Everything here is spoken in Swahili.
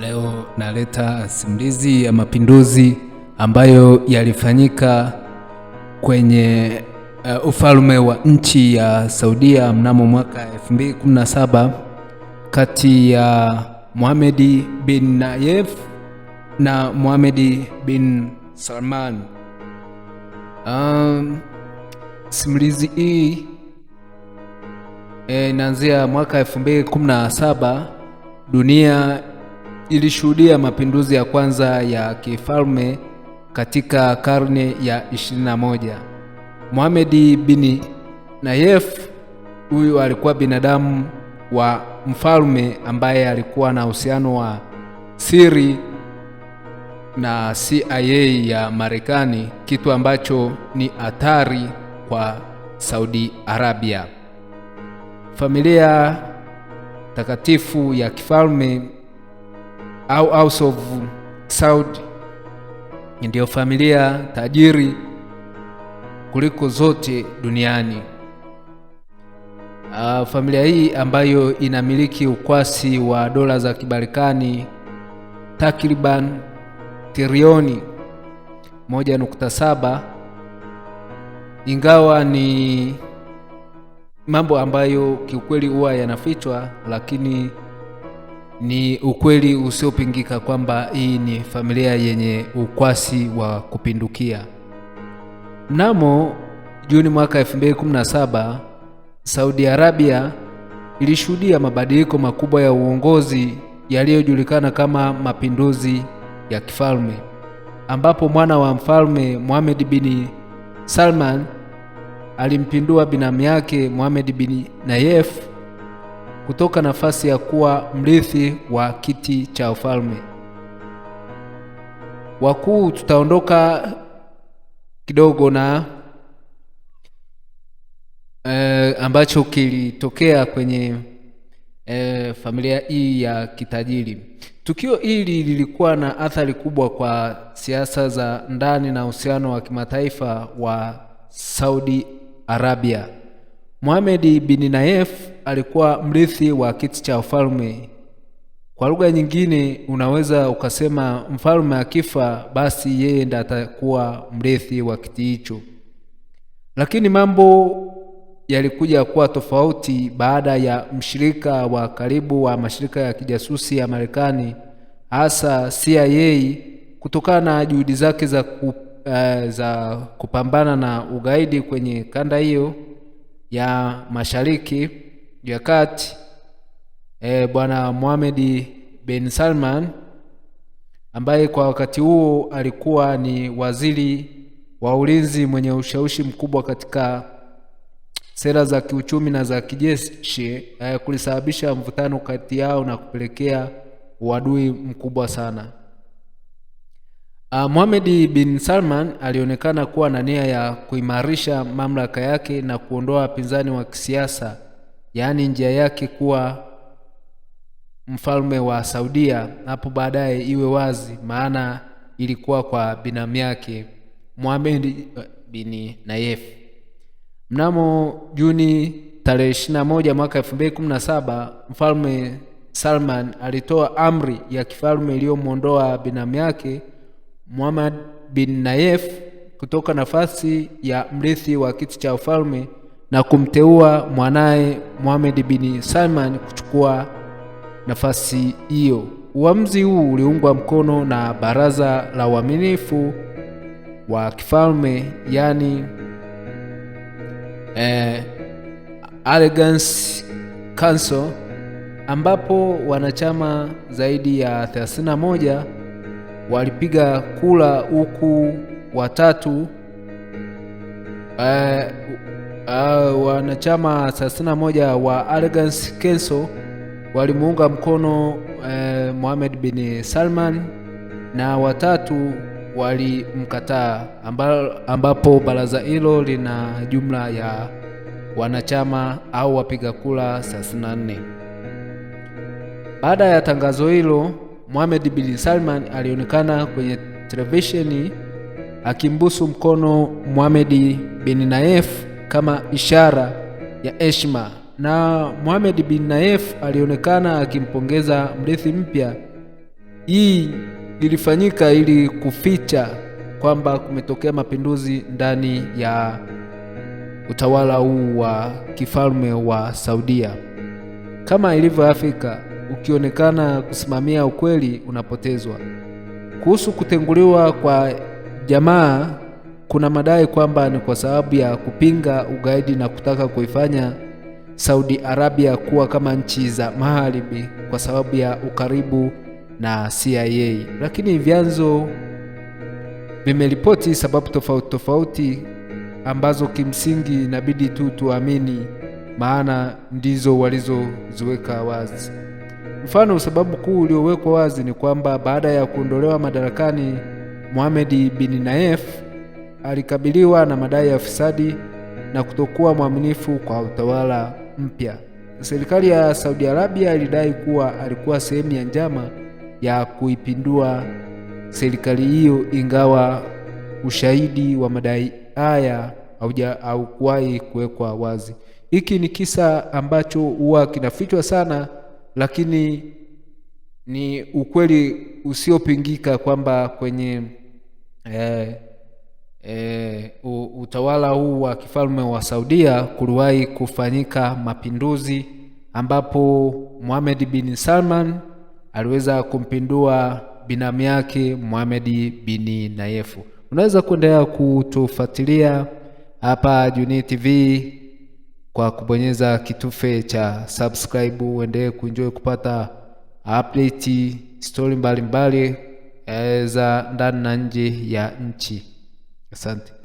Leo naleta simulizi ya mapinduzi ambayo yalifanyika kwenye uh, ufalme wa nchi ya Saudia mnamo mwaka 2017 kati ya Mohamed bin Nayef na Mohamed bin Salman. Um, simulizi hii eh, inaanzia e, mwaka 2017 dunia ilishuhudia mapinduzi ya kwanza ya kifalme katika karne ya 21. Mohamed bin Nayef huyu alikuwa binadamu wa mfalme ambaye alikuwa na uhusiano wa siri na CIA ya Marekani, kitu ambacho ni hatari kwa Saudi Arabia. Familia takatifu ya kifalme au house of Saudi ndiyo familia tajiri kuliko zote duniani. Uh, familia hii ambayo inamiliki ukwasi wa dola za kibarikani takriban trilioni 1.7 ingawa ni mambo ambayo kiukweli huwa yanafichwa, lakini ni ukweli usiopingika kwamba hii ni familia yenye ukwasi wa kupindukia. Mnamo Juni mwaka 2017, Saudi Arabia ilishuhudia mabadiliko makubwa ya uongozi yaliyojulikana kama mapinduzi ya kifalme, ambapo mwana wa mfalme Mohammed bin Salman alimpindua binamu yake Mohammed bin Nayef kutoka nafasi ya kuwa mrithi wa kiti cha ufalme. Wakuu, tutaondoka kidogo na e, ambacho kilitokea kwenye e, familia hii ya kitajiri. Tukio hili lilikuwa na athari kubwa kwa siasa za ndani na uhusiano wa kimataifa wa Saudi Arabia. Muhammad bin Nayef alikuwa mrithi wa kiti cha ufalme. Kwa lugha nyingine unaweza ukasema mfalme akifa, basi yeye ndiye atakuwa mrithi wa kiti hicho. Lakini mambo yalikuja kuwa tofauti baada ya mshirika wa karibu wa mashirika ya kijasusi ya Marekani, hasa CIA, kutokana na juhudi zake za, ku, uh, za kupambana na ugaidi kwenye kanda hiyo ya Mashariki ya Kati e, Bwana Mohamed bin Salman ambaye kwa wakati huo alikuwa ni waziri wa ulinzi mwenye ushawishi mkubwa katika sera za kiuchumi na za kijeshi e, kulisababisha mvutano kati yao na kupelekea uadui mkubwa sana. Uh, ah, Mohamed bin Salman alionekana kuwa na nia ya kuimarisha mamlaka yake na kuondoa wapinzani wa kisiasa, yaani njia yake kuwa mfalme wa Saudia, hapo baadaye iwe wazi, maana ilikuwa kwa binamu yake Mohamed bin Nayef. Mnamo Juni tarehe 21 mwaka 2017 mfalme Salman alitoa amri ya kifalme iliyomwondoa binamu yake Muhammad bin Nayef kutoka nafasi ya mrithi wa kiti cha ufalme na kumteua mwanaye Muhammad bin Salman kuchukua nafasi hiyo. Uamuzi huu uliungwa mkono na Baraza la Uaminifu wa Kifalme, yani eh, Allegiance Council ambapo wanachama zaidi ya 31 walipiga kula huku watatu uh, uh, wanachama 31 wa Allegiance Council walimuunga mkono uh, eh, Mohamed bin Salman na watatu walimkataa, ambapo baraza hilo lina jumla ya wanachama au wapiga kula 34. Baada ya tangazo hilo Mohamed bin Salman alionekana kwenye televisheni akimbusu mkono Mohamed bin Naef kama ishara ya heshima, na Mohamed bin Naef alionekana akimpongeza mrithi mpya. Hii ilifanyika ili kuficha kwamba kumetokea mapinduzi ndani ya utawala huu wa kifalme wa Saudia. Kama ilivyo Afrika ukionekana kusimamia ukweli unapotezwa. Kuhusu kutenguliwa kwa jamaa, kuna madai kwamba ni kwa sababu ya kupinga ugaidi na kutaka kuifanya Saudi Arabia kuwa kama nchi za Magharibi kwa sababu ya ukaribu na CIA, lakini vyanzo vimeripoti sababu tofauti tofauti ambazo kimsingi inabidi tu tuamini, maana ndizo walizoziweka wazi. Mfano, sababu kuu uliowekwa wazi ni kwamba baada ya kuondolewa madarakani Mohamed bin Nayef alikabiliwa na madai ya ufisadi na kutokuwa mwaminifu kwa utawala mpya. Serikali ya Saudi Arabia ilidai kuwa alikuwa sehemu ya njama ya kuipindua serikali hiyo, ingawa ushahidi wa madai haya haukuwahi kuwekwa wazi. Hiki ni kisa ambacho huwa kinafichwa sana lakini ni ukweli usiopingika kwamba kwenye eh, eh, utawala huu wa kifalme wa Saudia kuliwahi kufanyika mapinduzi ambapo Mohamed bin Salman aliweza kumpindua binamu yake Mohamed bin Nayefu. Unaweza kuendelea kutufuatilia hapa Junii TV kwa kubonyeza kitufe cha subscribe, uendelee kuenjoy kupata update stori mbalimbali eh, za ndani na nje ya nchi. Asante.